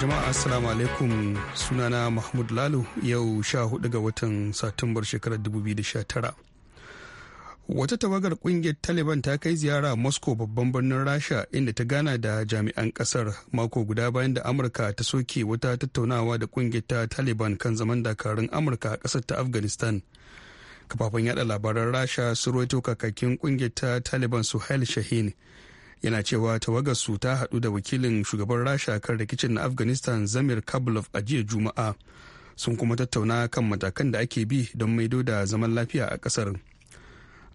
jama'a assalamu alaikum sunana mahmud lalu yau sha hudu ga watan satumbar shekarar 2019 wata tawagar kungiyar taliban ta kai ziyara moscow babban birnin rasha inda ta gana da jami'an kasar mako guda bayan da amurka ta soke wata tattaunawa da kungiyar ta taliban kan zaman dakarun amurka a kasar ta afghanistan kafafen yada labaran rasha su kakakin kungiyar ta taliban suhail shahin yana cewa tawagarsu ta haɗu da wakilin shugaban rasha kan rikicin na afghanistan zamir kabulov a jiya juma'a sun kuma tattauna kan matakan da ake bi don maido da zaman lafiya a ƙasar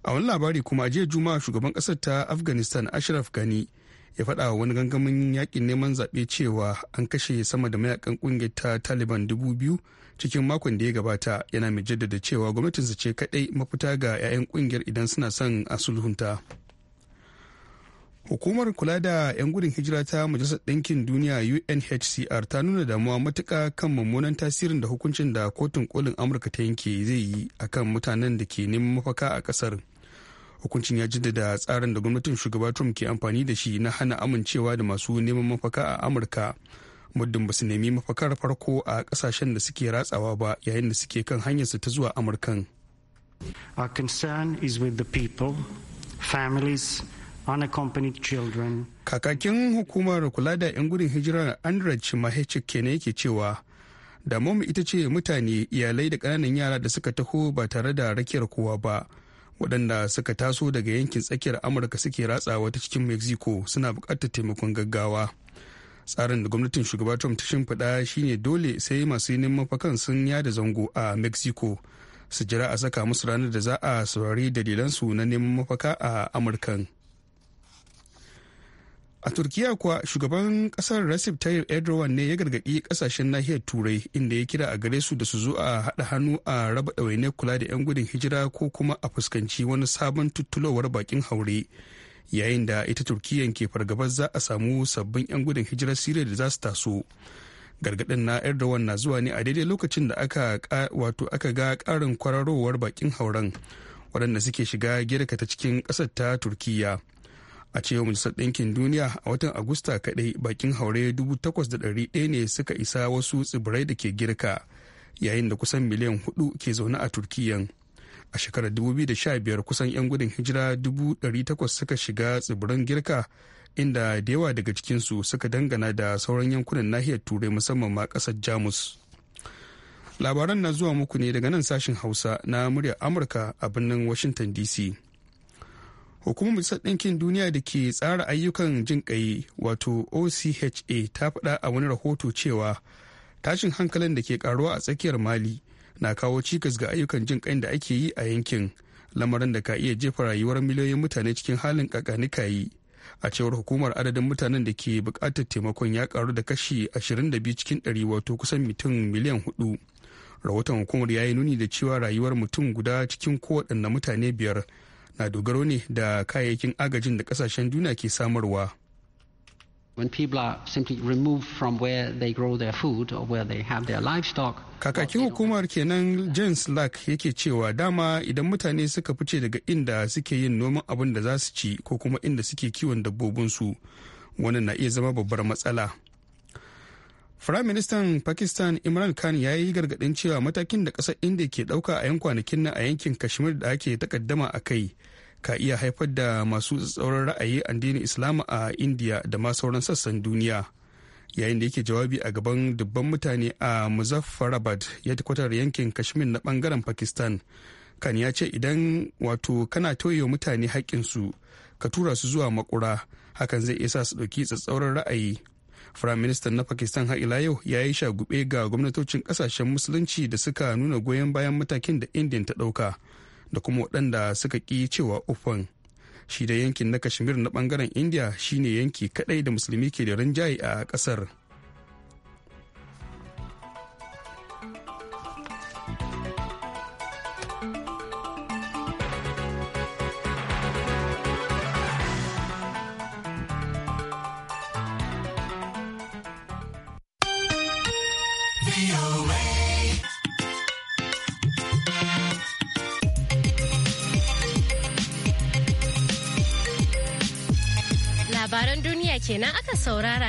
a wani labari kuma a jiya juma'a shugaban ƙasar ta afghanistan ashraf gani ya faɗa wa wani gangamin yakin neman zaɓe cewa an kashe sama da mayakan ƙungiyar ta taliban dubu biyu cikin makon da ya gabata yana mai jaddada cewa gwamnatinsa ce kaɗai mafita ga 'ya'yan ƙungiyar idan suna son a sulhunta. hukumar kula da 'yan gudun hijira ta majalisar ɗinkin duniya unhcr ta nuna damuwa matuka kan mummunan tasirin da hukuncin da kotun kolin amurka ta yanke zai yi akan mutanen da ke neman mafaka a ƙasar hukuncin ya jaddada tsarin da gwamnatin shugaba trump ke amfani da shi na hana amincewa da masu neman mafaka a amurka muddin ba su nemi mafakar farko a ƙasashen da suke ratsawa ba yayin da suke kan hanyar su ta zuwa amurkan Our concern is with the people, families, unaccompanied children. Kakakin hukumar kula da 'yan gudun hijirar Andra Chimahechik kenan yake cewa da mamu ita ce mutane iyalai da ƙananan yara da suka taho ba tare da rakiyar kowa ba waɗanda suka taso daga yankin tsakiyar amurka suke ratsawa ta cikin mexico suna buƙatar taimakon gaggawa tsarin da gwamnatin shugaba trump ta shimfiɗa shine dole sai masu neman mafakan sun yada zango a mexico su jira a saka musu ranar da za a saurari dalilansu na neman mafaka a amurkan. a turkiya kuwa shugaban kasar recep tayyip erdogan ne ya gargaɗi ƙasashen nahiyar turai inda ya kira a gare su da su zo a haɗa hannu a raba ɗawaine kula da 'yan gudun hijira ko kuma a fuskanci wani sabon tuttulowar bakin haure yayin da ita turkiyya ke fargabar za a samu sabbin 'yan gudun hijirar siriya da za su taso gargaɗin na erdogan na zuwa ne a daidai lokacin da aka wato aka ga ƙarin kwararowar bakin hauren waɗanda suke shiga girka ta cikin ƙasar ta turkiyya. a cewar majalisar ɗinkin duniya a watan agusta kaɗai bakin haure 8,100 ne suka isa wasu tsibirai da ke girka yayin da kusan miliyan hudu ke zaune a turkiyyan a shekarar 2015 kusan 'yan gudun hijira 800 suka shiga tsibirin girka inda da yawa daga cikinsu suka dangana da sauran yankunan nahiyar turai musamman ma kasar jamus labaran na zuwa muku ne daga nan sashen hausa na muryar amurka a birnin washington dc hukumar majalisar ɗinkin duniya da ke tsara ayyukan jin ƙai wato ocha ta faɗa a wani rahoto cewa tashin hankalin da ke karuwa a tsakiyar mali na kawo cikas ga ayyukan jin ƙai da ake yi a yankin lamarin da ka iya jefa rayuwar miliyoyin mutane cikin halin kakanikayi a cewar hukumar adadin mutanen da ke bukatar taimakon ya karu da kashi 22 cikin 100 wato kusan mutum miliyan huɗu rahoton hukumar ya yi nuni da cewa rayuwar mutum guda cikin kowaɗanne mutane biyar na dogaro ne da kayayyakin agajin da kasashen duniya ke samarwa Kakakin hukumar kenan James Lack yake cewa dama idan mutane suka fice daga inda suke yin noman abin da za su ci ko kuma inda suke kiwon dabbobinsu wannan na iya zama babbar matsala. Firaministan Pakistan Imran Khan ya yi gargaɗin cewa matakin da ƙasar India ke ɗauka a 'yan kwanakin nan a yankin Kashmir da ake takaddama a kai ka iya haifar da masu tsauran ra'ayi addinin Islam a India da ma sauran sassan duniya. Yayin da yake jawabi a gaban dubban mutane a Muzaffarabad ya kwatar yankin Kashmir na bangaren Pakistan. Khan ya ce idan wato kana tauye mutane haƙƙinsu ka tura su zuwa makura hakan zai iya sa su ɗauki tsatsauran ra'ayi Firaministan na Pakistan har ila yau ya yi shagube ga gwamnatocin kasashen musulunci da suka nuna goyon bayan matakin da Indian ta ɗauka da kuma waɗanda suka ƙi cewa ufan. Shi da yankin na Kashmir na bangaren India shine yanki kaɗai da musulmi ke da rinjaye a ƙasar.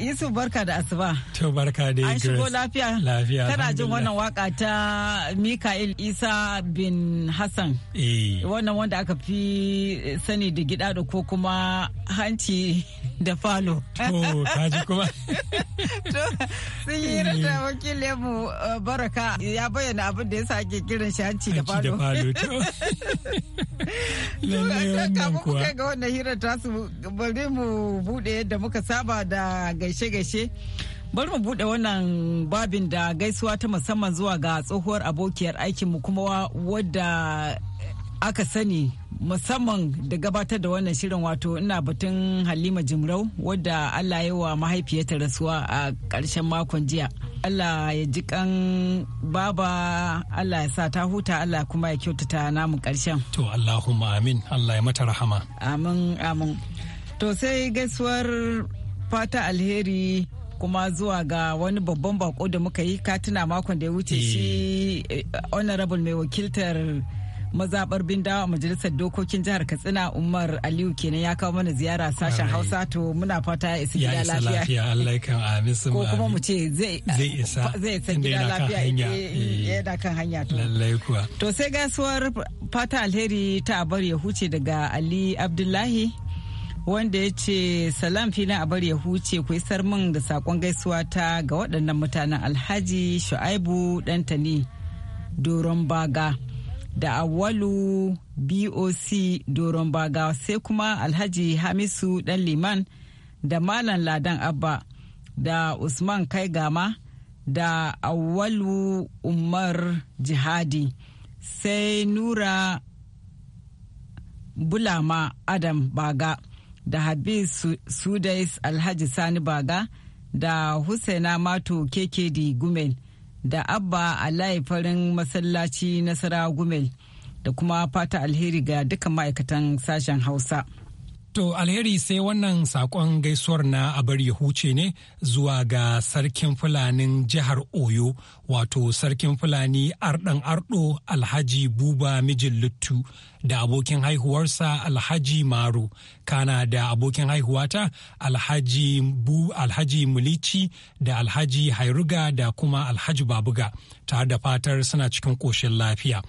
Yusuf barka da asuba. To barka dai An shigo lafiya. Lafiya. Kana jin wannan waka ta Mikael Isa bin Hassan. Eh. Wannan wanda aka fi sani da gida da ko kuma hanci da falo. To, kaji sun yi rasa wakilin mu uh, baraka ya bayyana abin da ya sake kiran shi hanci da falo. Hanci da falo, to. kai ga wannan hirar tasu bari mu bude yadda muka saba da gaishe-gaishe. Bari mu bude wannan babin da gaisuwa ta musamman zuwa ga tsohuwar abokiyar aikinmu kuma wadda aka sani musamman da gabatar da wannan shirin wato ina batun halima jimrau wadda allah yi wa mahaifiyarta rasuwa a ƙarshen makon jiya allah ya ji kan baba allah ya sa ta huta allah kuma ya kyautata namu ƙarshen to allahumma amin allah ya mata rahama amin amin to sai gaisuwar fata alheri kuma zuwa ga wani babban bako da muka yi katina makon da ya wuce shi eh. Eh, honorable mai wakiltar mazabar bindawa majalisar dokokin jihar katsina umar aliyu kenan ya kawo mana ziyara sashen hausa to muna fata ya isa gida lafiya ko kuma mu ce zai isa zai gida lafiya eh, eh. yana kan hanya to lallai kuwa to sai gasuwar fata alheri ta abar ya huce daga ali abdullahi wanda ya ce salam filin a bari ya huce ku isar min da sakon gaisuwa ta ga waɗannan mutanen alhaji shu'aibu ɗantani doron baga da awalu boc doron baga sai kuma alhaji hamisu dan liman da malam ladan abba da usman kai gama da awalu umar jihadi sai nura bulama adam baga da habis sudais alhaji sani baga da husaina mato kekedi gumel da abba a layi farin masallaci nasara gumel da kuma fata alheri ga duka ma'aikatan sashen hausa. To alheri sai wannan sakon gaisuwar na a abar ya huce ne zuwa ga sarkin fulanin jihar Oyo wato sarkin fulani Ardan arɗo alhaji buba mijin luttu da abokin haihuwarsa alhaji maru kana da abokin haihuwata alhaji bu alhaji mulici da alhaji hairuga da kuma alhaji babuga tare da fatar suna cikin ƙoshin lafiya.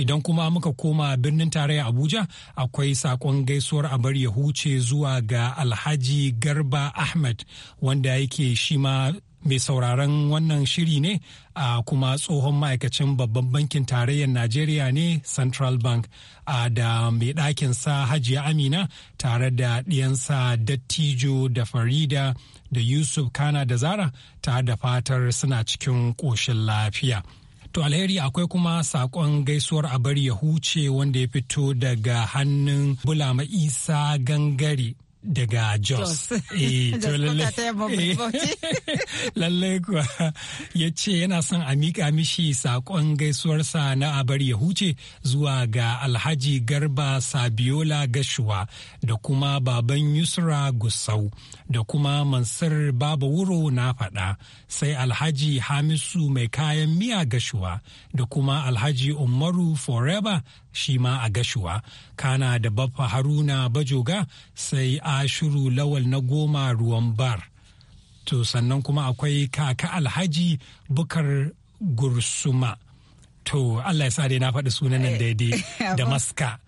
Idan kuma muka koma birnin tarayya Abuja akwai sakon gaisuwar a bari ya huce zuwa ga Alhaji Garba Ahmed wanda yake shi ma mai sauraron wannan shiri ne a kuma tsohon ma'aikacin babban bankin tarayyar najeriya ne central bank a da mai ɗakin sa hajiya amina tare da ɗiyansa dattijo da farida da yusuf kana da zara ta da fatar suna cikin ƙoshin lafiya. To alheri akwai kuma sakon gaisuwar a bari ya huce wanda ya fito daga hannun Bulama Isa Gangare daga Jos. Eh, lallai kuwa ya ce yana son a miƙa mishi saƙon gaisuwarsa na abar ya huce zuwa ga Alhaji Garba Sabiola Gashuwa da kuma baban Yusra Gusau da kuma Mansur Baba Wuro na faɗa sai Alhaji Hamisu mai kayan miya Gashuwa da kuma Alhaji Umaru Forever shi ma a gashuwa kana da baffa haruna bajoga sai a shiru lawal na goma ruwan bar to sannan kuma akwai kaka alhaji bukar gursuma to allah ya sa dai na faɗi sunan eh. daidai da maska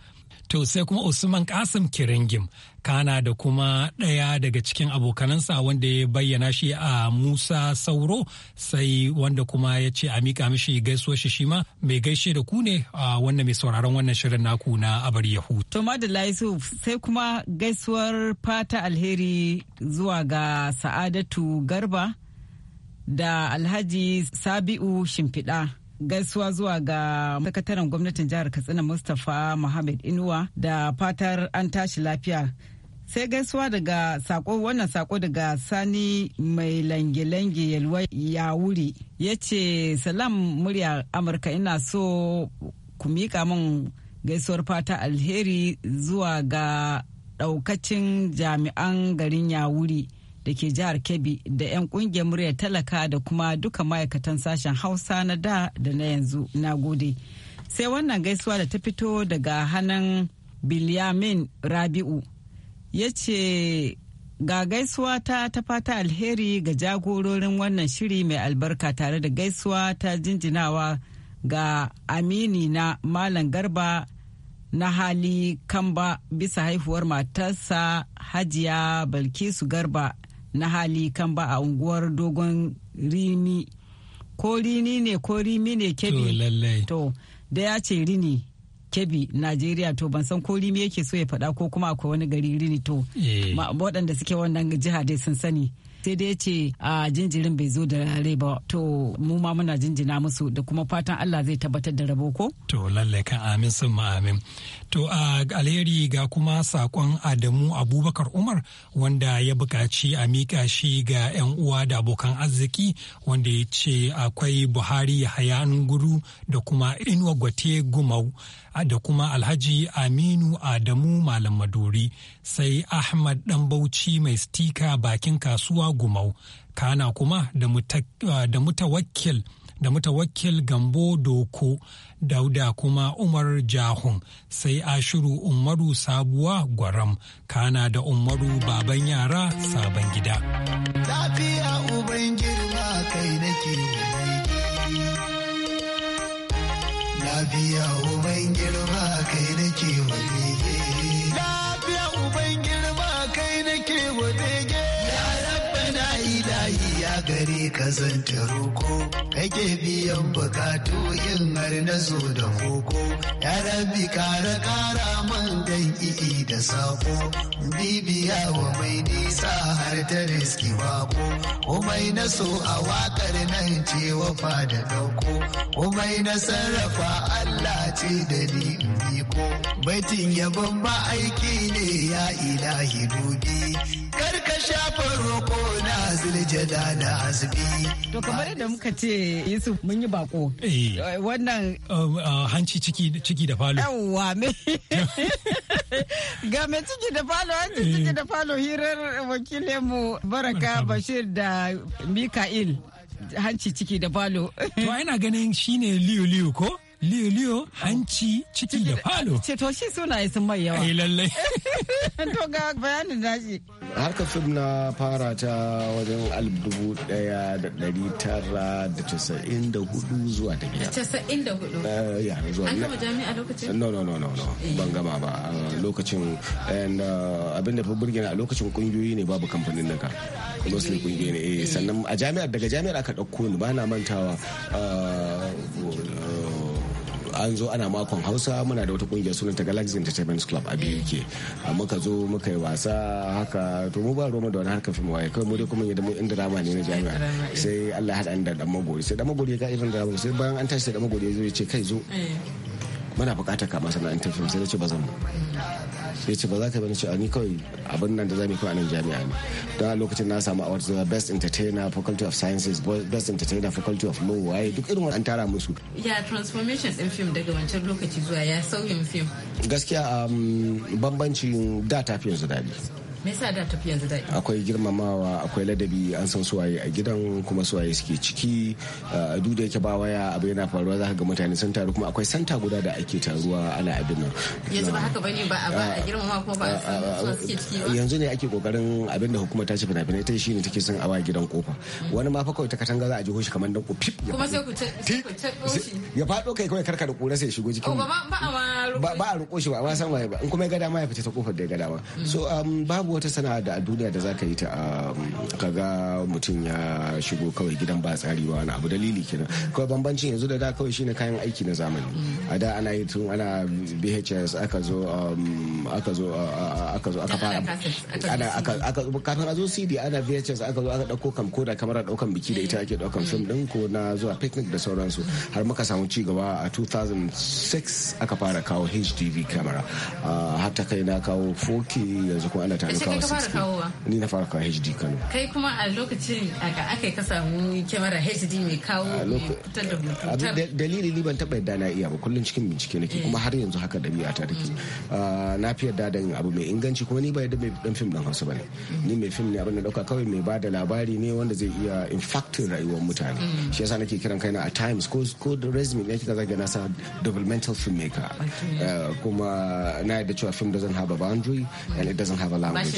to sai kuma usman kasim kiringim kana da kuma ɗaya daga cikin abokanansa wanda ya bayyana shi a musa sauro sai wanda kuma ya ce a mika mishi gaisuwar shi shima mai gaishe da ku ne a wannan mai sauraron wannan shirin naku na abar yahu to sai kuma gaisuwar fata alheri zuwa ga sa'adatu garba da alhaji sabi'u shimfiɗa gaisuwa zuwa ga sakataren gwamnatin jihar katsina mustapha muhammad inuwa da fatar an tashi lafiya sai gaisuwa daga sako wannan sako daga sani mai lange-lange yalwa ya wuri ya ce salam murya amurka ina so ku miƙa min gaisuwar fata alheri zuwa ga ɗaukacin jami'an garin yawuri da ke jihar Kebbi da 'yan kungiyar muryar talaka da kuma duka ma'aikatan sashen Hausa na da da na yanzu na gode. Sai wannan gaisuwa da ta fito daga hannun Bilyamin Rabi'u ya ce ga gaisuwa ta ta fata alheri ga jagororin wannan shiri mai albarka tare da gaisuwa ta jinjinawa ga amini na Malam Garba na hali kamba bisa haihuwar matarsa hajiya balkisu garba na hali kan ba a unguwar dogon rini ko rini ne ko rimi ne kebi to da ya ce rini kebi najeriya to ban san ko rimi yake so ya faɗa ko kuma akwai wani gari rini to eh. waɗanda suke wannan jiha dai sun sani sai dai ce a jinjirin bai zo da rai ba to mu ma muna jinjina musu da kuma fatan Allah zai tabbatar da rabo ko to lalle kan amin sun ma amin to a alheri ga kuma sakon Adamu Abubakar Umar wanda ya buƙaci a mika shi ga 'yan uwa da abokan arziki wanda ya ce akwai Buhari yahaya Guru da kuma Inuwa Gwate Gumau da kuma Alhaji Aminu Adamu Malam Maduri sai Ahmad Danbauchi mai stika bakin kasuwa gumau kana kuma uh, da mutawakkil da mutawakkil gambo doko dauda kuma umar jahun sai ashiru umaru sabuwa gwaram kana da umaru baban yara sabon gida lafiya uban girma kai nake kai nake wani steady kazanta ka zanta roko kake biyan bukatu yin har na zo da koko ya rabi kara kara man dan iki da sako bibiya wa mai nisa har ta riski bako komai na so a wakar nan ce wafa da dauko komai na sarrafa Allah ce da ni biko baitin yabon ba aiki ne ya ilahi dubi kar ka shafa roko na ziljada da azumi To kamar yadda muka ce Yusuf mun yi bako. Eh. Eh, wannan um, uh, hanci ciki da falo. Yawwa me. Ga me ciki da falo hanci eh. ciki da falo hirar wakilinmu Baraka Bashir da Mika'il hanci ciki da falo. To ina ganin shine liyu liyu ko? liyo-liyo hanci ciki da falo. Ceto shi sunaye sun mai yawa. Ai eh, lallai. To ga bayanin nashi. Harkar fim na fara ta wajen alif dubu daya da dari tara da casa'in da hudu zuwa ta biyar. Casa'in da hudu. Eh, ya zuwa. An gama jami'a lokacin? No no no no no eh. ban gama ba lokacin and uh, abin da fa burgina a lokacin kungiyoyi ne babu kamfanin naka. Mostly kungiyoyi ne sannan a jami'ar daga jami'ar aka ɗauko ni ba na mantawa uh, uh, an zo ana makon hausa muna da wata kungiyar sunan ta galaxy entertainment club a biyu ke muka zo muka yi wasa haka to mu ba roma da wani harkar fim waye kawai mu dai kuma yadda mu inda rama ne na jami'a sai allah haɗa da dan magori sai dan magori ga irin rama sai bayan an tashi sai dan magori ya zo ya ce kai zo eh. muna buƙatar ka masana'antar fim sai ya ce ba zan mu ya ce ba za ka bani cewa ni kawai abin nan da za mu kawai a nan jami'a ne don a lokacin na samu awards na uh, best entertainer faculty of sciences best entertainer faculty of law waye duk irin an tara musu ya transformation din film daga wancan lokaci zuwa ya sauyin film gaskiya um, bambancin da tafi yanzu dadi. me yasa da tafi yanzu daɗi akwai girmamawa akwai ladabi an san suwaye a gidan kuma suwaye suke ciki ah, duk da yake ba waya abu yana faruwa ka ga mutane sun taru kuma akwai santa guda da ake taruwa ana abin nan yanzu ba haka bane ba a ah, girmama kuma ba a ah, suke ciki ba yanzu ne ake kokarin abin da hukuma ta ce fina-finai ta shine take son awa gidan kofa hmm. wani ma fa kawai ta katanga za a ji hoshi kamar dan ku pip kuma sai ku ya faɗo kai kawai karka da kura sai shigo jikin ba a roƙo shi ba a san waye ba in kuma ya ga dama ya fita ta kofar da ya ga dama hmm. so um, babu wata sana'a da a duniya da zaka yi ta um, kaga mutum ya shigo kawai gidan ba tsari ba wani abu dalili kenan kawai bambancin yanzu da da kawai shine kayan aiki na zamani a da ana yi tun ana BHS aka zo um, aka zo aka zo aka fara ana aka kafin a zo CD ana VHS aka zo aka dauko koda kamar daukan biki da ita ake daukan film din ko na zuwa picnic da sauransu har muka samu ci gaba a 2006 aka fara kawo HDV camera ah, har ta kai na kawo 4K yanzu kuma ana tare kawo 60 ni na fara kawo hd kano kai kuma a lokacin aka ka samu kyamara hd mai kawo fitar da dalili ni ban taba yadda na iya ba kullum cikin bincike nake kuma har yanzu haka dabi'a ta take mm. ah, na fi yadda da abu mai inganci kuma ni ba yadda mai dan fim dan hausa bane mm. ni mai fim ne abin da dauka kawai mai bada labari ne wanda zai iya infactin rayuwar mutane mm. shi yasa nake kiran kaina a times ko ko da resume ne kika zage na sa developmental filmmaker eh, kuma na yadda cewa film doesn't have a boundary and it doesn't have a language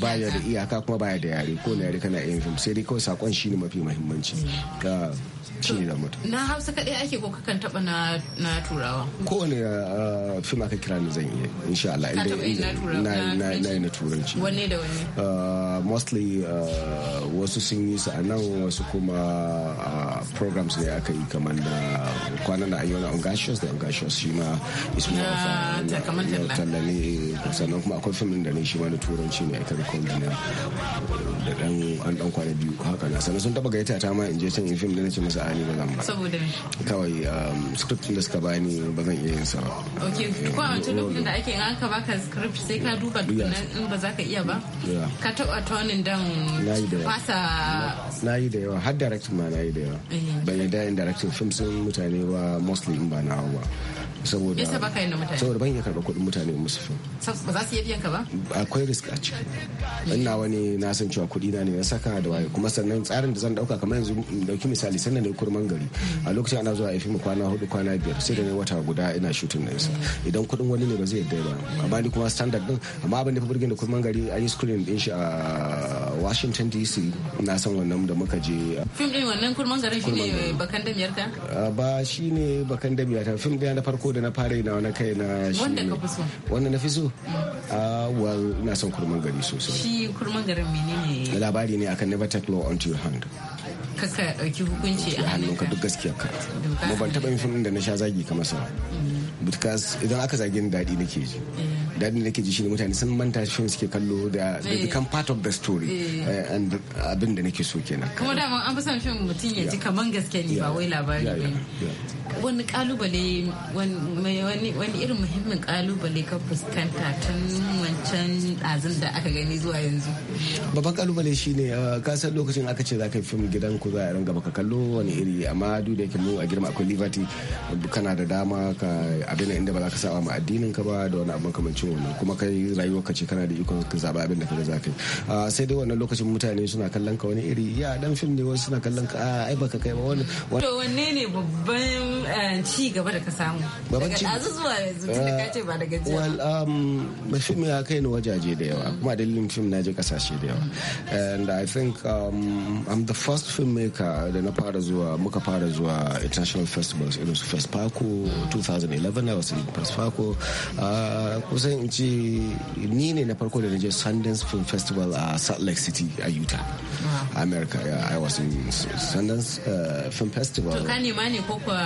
baya da iyaka kuma baya da yare ko na yare kana yin fim sai dai kawai sakon shi ne mafi muhimmanci mm. shine da mutum na hausa kadai ake ko kakan taba na na turawa kowane uh, fim aka kira ni zan iya insha Allah inda na na na na turanci wanne da wanne uh, mostly uh, wasu sun yi su a nan wasu kuma programs ne aka yi kamar da kwanan na ayyana yi da ungashos shi ma is more of ah, tallani sannan kuma akwai fim da ne shi ma na turanci ne aka record na da dan an dan kwana biyu haka na sannan sun taba gaita ta ma in je can in fim da na ce musu ani ba zan ba saboda kawai um, script da suka bani ba zan iya yin sa ba okay ko a wancan lokacin da ake an ka baka script sai ka duba in ba za ka iya ba ka taba tonin dan fasa na yi da yawa har directing ma na yi da yawa eh. ban yi da yin directing film sun mutane ba mostly in ba na ba saboda yasa baka yin mutane saboda ban iya karɓar kuɗin mutane musu fim ba za su iya biyan ka ba akwai risk a ciki ina wani na san cewa kuɗi na ne na saka da waye kuma sannan tsarin da zan dauka kamar yanzu dauki misali sannan nan da kurman gari a lokacin ana zuwa a mu kwana hudu kwana biyar sai da ne wata guda ina shooting na isa idan kudin wani ne ba zai yadda ba a ni kuma standard din amma abin da burgin da kurman gari an yi screen din shi a Washington DC na san wannan da muka je fim din wannan kurman garin shine bakan damiyar ka ba shine bakan damiyar ta film din na farko da na fara na wani kai na shi wanda ka fi so wanda na fi so ah well ina son kurman gari sosai shi kurman garin menene labari ne akan never take law onto your hand kaka dauki hukunci a hannunka duk gaskiya ka mu ban taba yin da na sha zagi kamar sa mm. because idan aka zagi ni daɗi nake ji eh. daɗin da ke ji shi ne mutane sun manta shi suke kallo da they eh. become part of the story eh. Eh, and abin da nake so kenan kuma da an fi son fim mutum ya ji kaman gaske ne ba wai labari ba wani kalubale wani irin muhimmin kalubale ka fuskanta tun wancan ɗazun da aka gani zuwa yanzu babban kalubale shine uh, ka san lokacin aka ce za ka yi fim gidan ku za a ringa baka kallo wani iri amma duk da yake mu a girma akwai liberty kana da dama ka abin inda ba za ka saba ma addinin ka ba da wani abin kamancin wannan kuma kai rayuwar ka ce kana da ikon ka zaba abin da ka za ka yi ah, sai dai wannan lokacin mutane suna kallon ka wani iri ya dan fim ne wasu suna kallon ka ah, ai baka kai ba wani to wanne ne babban eh, ci gaba da ka samu babban ci daga zuwa yanzu da ka ce ba daga jiya well um fim ya kai ni wajaje da yawa kuma dalilin fim na je kasashe da yawa and i think um, i'm the first filmmaker da na fara zuwa muka fara zuwa international festivals irin su fespaco 2011 i was in fespaco ah, kusan in ce ni ne na farko da na je Sundance Film Festival a Salt Lake City a Utah. Wow. Ah. America, yeah, I was in Sundance uh, Film Festival. To ka nema ne ko kuwa?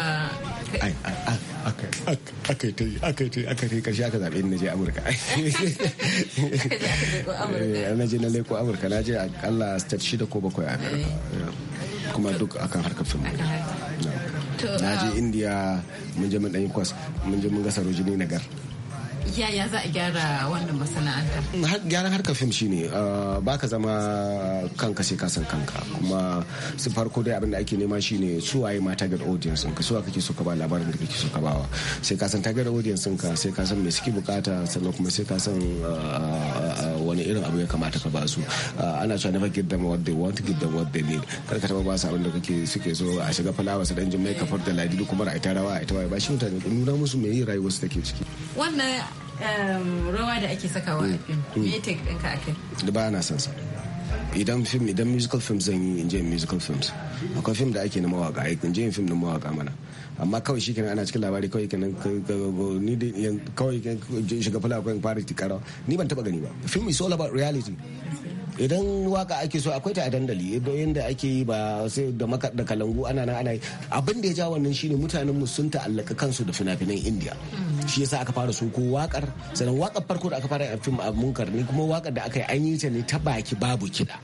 Aka yi aka yi aka yi kashi aka zaɓe na je Amurka. Eh, na je na leko Amurka na je akalla state shida ko bakwai a Amerika. Eh. Kuma duk akan harkar fim. Na je um, India mun je mun ɗanyi kwas mun je mun ga Sarojini Nagar. yaya za a gyara wannan masana'anta gyaran harkar fim shine ah, ba ka zama kanka sai ka san kanka kuma su farko dai abin da ake nema shine su waye ma target audience ka suwa kake so ka ba labarin da kake so ka bawa sai ka san target audience ka sai ka san me suke bukata sannan kuma sai ka san ah, ah, wani irin abu ya kamata ka ba su ana cewa never give them what they want give them what they need kar ka taba ba su abin da kake suke so a shiga fulawa su dan jin mai kafar da ladilu kuma ra'ayi ta rawa a ita ba shi mutane nuna musu me rayuwar su take ciki wannan rawa da ake sakawa a mm. fim mm. me take ɗinka a kai da ba na son sa idan film idan musical film zan yi in je musical films akwai film da ake na mawaka in je film na mawaka mana amma kawai shi kenan ana cikin labari kawai kenan ni da kawai shiga fula kawai fara tikara ni ban taba gani ba film is all about reality idan waka ake so akwai ta a dandali yadda ake yi ba sai da maka da kalangu ana nan ana yi abin da ya ja wannan shine mutanen mu sun ta'allaka kansu da fina-finan indiya mm. shi yasa aka fara su ko wakar sannan wakar farko da aka fara a fim a munkar ne kuma wakar da aka yi an yi ta ne ta baki babu kiɗa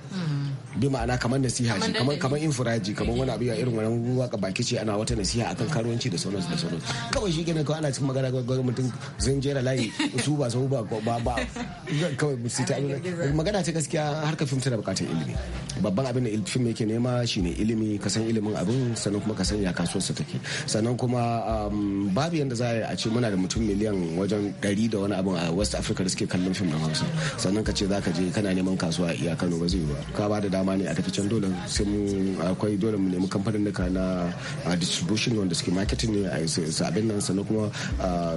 bi ma'ana kamar nasiha shi kamar kamar infiraji kamar wani abu ya irin wani ruwa waka baki ce ana wata nasiha akan karuwanci da sauransu da sauransu kawai shi kenan kawai ana cikin magana ga mutum zan jera layi su ba su ba ba ba kawai mu sita magana ta gaskiya harkar fim tana bukatar ilimi babban abin da fim yake nema shine ilimi ka san ilimin abin sannan kuma ka san ya su take sannan kuma um, babu yanda za a ce muna da mutum miliyan wajen ɗari da wani abin a west africa da suke kallon fim na hausa sannan ka ce za ka je kana neman kasuwa iya kano ba zai ba ka ba da dama ne a tafi can dole sai mu akwai dole mu nemi kamfanin na distribution wanda suke marketing ne su abin nan sannan kuma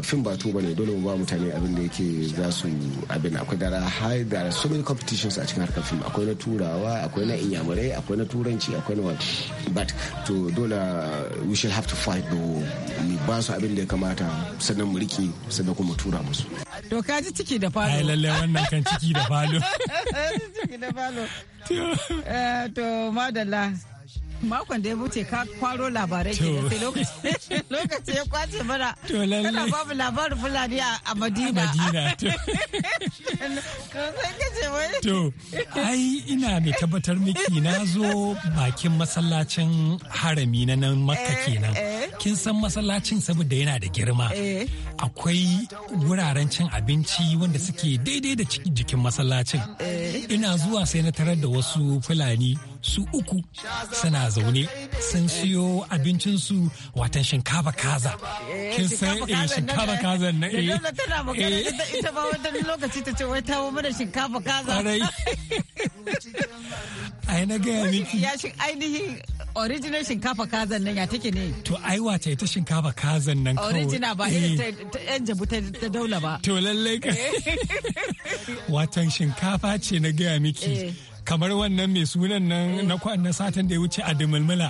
fim ba tuba ne dole mu ba mutane abin da yake za su abin akwai dara har da so many competitions a cikin harkar fim akwai na turawa akwai na inyamurai akwai na turanci akwai na but to dole we shall have to fight mu ba su abin da ya kamata sannan mu rike sannan kuma tura musu To ka ji ciki da falo. Ai lalle wannan kan ciki da falo. Ciki da falo. Eh, to madalla. Makon da ya wuce ka kwaro labarai ke sai lokaci ya kwace mana. To lalle. Kana babu labarin Fulani a Madina. Madina to. To ai ina mai tabbatar miki na zo bakin masallacin harami na nan Makka eh, kenan. Eh. kin san masallacin saboda yana da girma eh. akwai wuraren cin abinci wanda suke daidai da jikin masallacin eh. ina zuwa sai na tarar da wasu fulani su uku suna zaune sun siyo abincinsu watan shinkafa kaza eh, kin san eh shinkafa kaza na eh tana magana ita ba wani lokaci ta ce wai ta mana shinkafa kaza ai na ga miki ainihin original shinkafa kazan nan ya take ne to ai wace ita shinkafa kazan nan kawai original ba eh. ita ta yan jabu ta daula ba to lallai ka eh. watan shinkafa ce na gaya miki eh. kamar wannan mai sunan nan na kwan na satan da ya wuce a dumulmula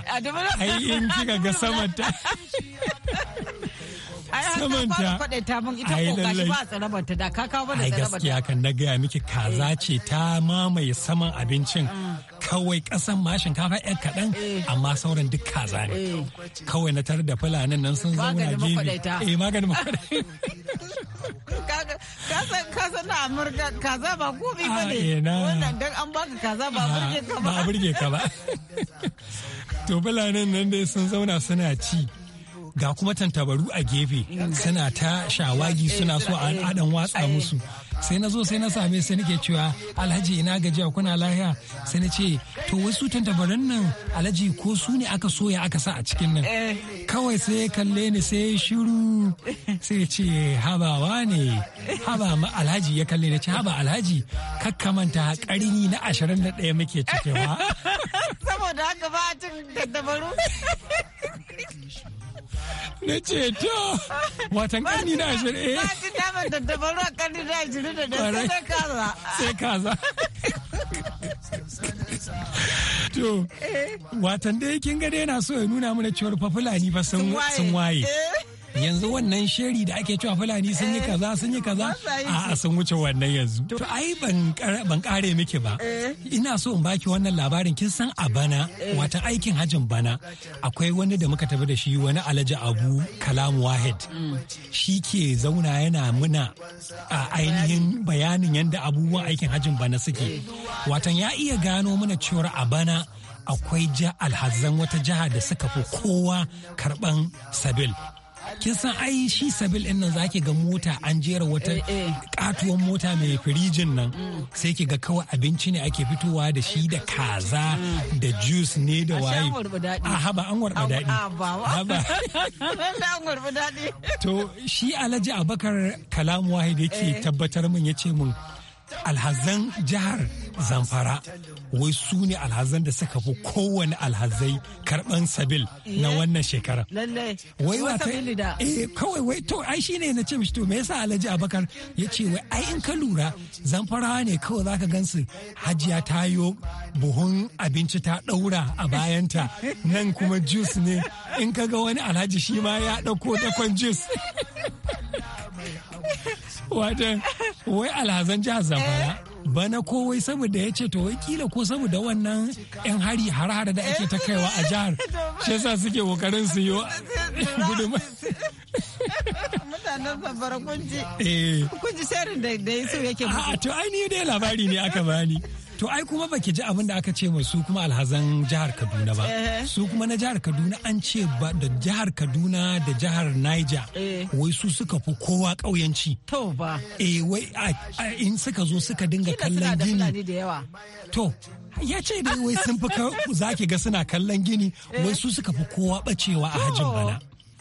ai in kika ga samanta. ta samanta ta mun ita ko ba tsarabar ta da ka kawo mana tsarabar gaskiya kan na gaya miki kaza eh. ce ta mamaye saman abincin ah. kawai kasan ma shinkafa yan kaɗan eh. amma sauran duk kaza ne eh. kawai na tar da fulanin nan sun zauna gefe eh maganin mu makwadai ka san na amurka kaza ba gobe ba ne ah, wannan dan an baka kaza ba ah, burge ka ba ba burge ka ba to fulanin nan dai sun zauna suna ci ga kuma tantabaru a gefe suna ta shawagi suna so a adan watsa musu sai na zo sai na same sai nake cewa alhaji ina gajiya kuna lahiya sai na ce to wasu tantabaran nan alhaji ko su ne aka soya aka sa a cikin nan eh. kawai sai ya kalle ni sai shiru sai ya ce habawa ne haba ma alhaji ya kalle ni ce haba alhaji kakkamanta karini na ashirin da ɗaya muke cikewa saboda haka ba a cin tantabaru na ce to watan kani na ashirin eh sai kaza sai to watan da kin ga da yana so ya nuna mana cewar fafula fulani ba sun waye eh. yanzu wannan sheri da ake cewa fulani sun yi eh, kaza sun yi kaza a sun wuce wannan yanzu to ai ban kare miki ba eh. ina so in baki wannan labarin kin san a bana eh. wata aikin hajin bana akwai wani da muka tafi da shi wani alhaji abu kalam wahid mm. shi ke zauna yana muna a ainihin bayanin yadda abubuwan aikin hajin bana suke watan ya iya gano mana cewar a bana akwai alhazan wata jiha da suka fi kowa karban sabil kin san ai shi sabil din nan zaki ga mota an jera wata eh, eh. katuwan mota mai firijin nan mm. sai ki ga kawai abinci ne ake fitowa da shi da kaza mm. da juice ne da waye a haba an warba daɗi ba an warba daɗi to shi alhaji abakar kalamu wahid yake eh. tabbatar min yace mun. alhazan jihar zamfara wai su ne alhazan da suka fi kowane alhazai karban sabil na eh, wannan shekara wai wata eh kawai wai to ai shine na ce mishi to me yasa alhaji abakar ya ce wai ai in ka lura zamfara ne kawai zaka gansu hajiya ta yo buhun abinci ta ɗaura a bayanta nan kuma jus ne in ka ga wani alhaji shi ma ya dauko dakon jus. wata wai alhazan jihar zamfara bana ko wai saboda ya ce to wai kila ko saboda wannan yan hari har da ake ta kaiwa a jihar shi yasa suke kokarin su yi guduma mutanen zamfara kunji eh. kunji sharin da sharin yake a to ainihin dai labari ne aka bani To ai kuma baki ji abin da aka ce mai su kuma alhazan jihar Kaduna ba. Eh. Su kuma na jihar Kaduna an ce ba da jihar Kaduna da jihar Niger eh. wai su suka fi kowa ƙauyanci. To ba. Eh wai in suka zo suka dinga kallon gini. To ya ce dai wai sun fi za ki ga suna kallon gini wai su suka fi kowa bacewa a hajin bana.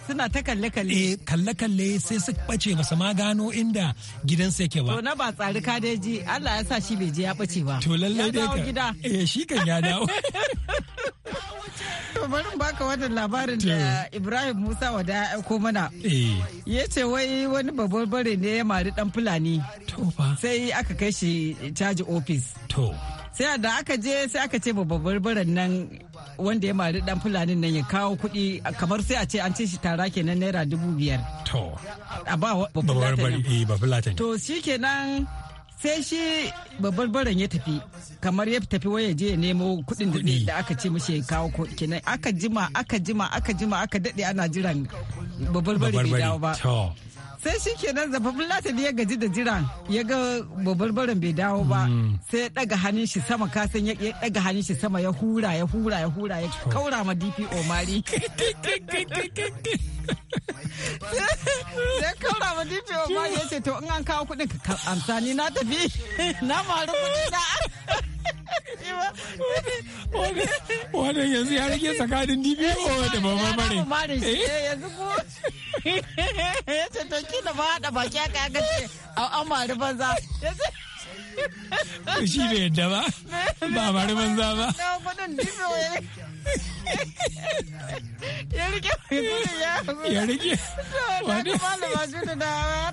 suna ta kalle-kalle. Eh kalle-kalle sai su bace ba ma gano inda gidansa yake ba. To na ba tsari ka kadeji Allah ya sa shi bai je ya bace ba. To lalle dai ka. gida. Eh shi kan ya dawo. To bari baka wannan labarin da Ibrahim Musa wada ya aiko mana. Eh. Ya ce wai wani babbar bare ne ya mari dan Fulani. To fa. Sai aka kai shi caji ofis. To. sai da aka je sai aka ce babbar nan wanda ya mari dan fulanin nan ya kawo kuɗi kamar sai a ce an ce shi tara kenan naira dubu biyar to a ba babbar eh, to shi kenan sai shi babbar baran ya tafi kamar ya tafi waya je ya nemo kuɗin da aka ce mishi ya kawo kenan aka jima aka jima aka jima aka daɗe ana jiran babbar bari bai dawo ba sai shi kenan zafafin latani ya gaji da jira ya ga babarbaran bai dawo ba hmm. sai ya daga hannun shi sama kasan ya daga hannun shi sama ya hura ya hura ya hura ya kaura ma dpo mari sai kaura ma dpo mari ya ce to in an kawo kudin ka amsa ni na tafi na maru kudi na wannan yanzu ya rage tsakanin ko eh, oh, da baba mare eh? Eh, yanzu ko ya ce to da ba haɗa baki aka ga ce an mari banza shi bai yadda ba ba mari banza ba ya rike ya rike na mana hannu na a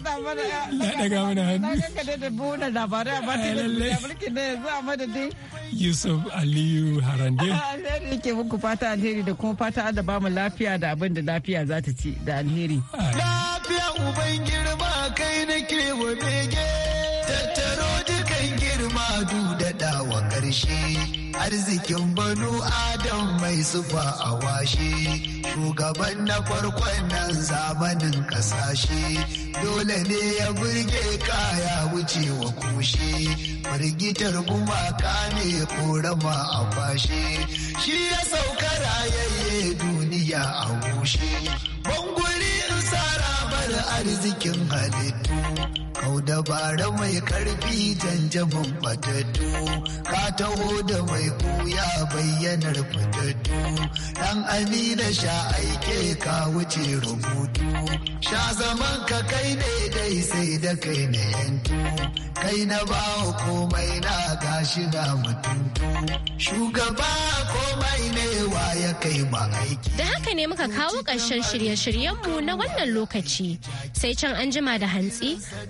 da ne a madadin Yusuf Aliyu Harande. Alheri yake muku fata alheri da kuma fata Allah ba mu lafiya da abin da lafiya za ta ci da alheri. Lafiya uban girma kai nake wa bege tattaro dukan girma du da dawa ƙarshe. arzikin banu adam mai zuba a washe shugaban na farkon nan zamanin kasashe dole ne ya burge kaya wuce wa kushe firgitar gumaka ne korama a fashe shi ya sauka rayayye duniya a gushe banguri in sara bar arzikin halittu Kau dabara mai karfi janjabin fatattu, ka taho da mai kuya bayyanar fatattu. Ɗan amina sha aike ka wuce rubutu, sha zaman ka kai ne da kai na yanto kai na komai na gashi da mutum shugaba komai ne wa ya kai ba aiki da haka ne muka kawo ƙarshen shirye-shiryenmu na wannan lokaci sai can an jima da hantsi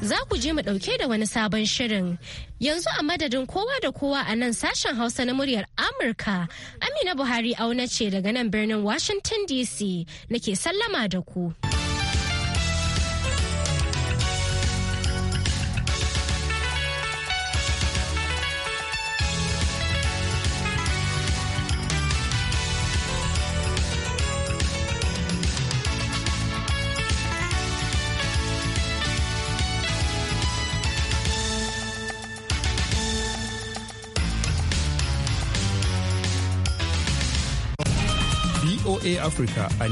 za ku je mu ɗauke da wani sabon shirin yanzu a madadin kowa da kowa a nan sashen hausa na muryar amurka amina buhari auna ce daga nan birnin washington dc nake sallama da ku. africa and.